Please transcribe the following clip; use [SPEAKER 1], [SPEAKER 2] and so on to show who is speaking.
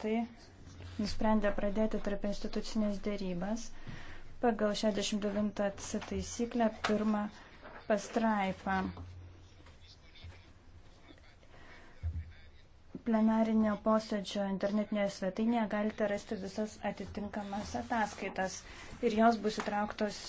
[SPEAKER 1] Tai nusprendė pradėti tarp institucinės dėrybas pagal 69C taisyklę pirmą pastraipą. plenarinio posėdžio internetinėje svetainėje galite rasti visas atitinkamas ataskaitas ir jos bus
[SPEAKER 2] įtrauktos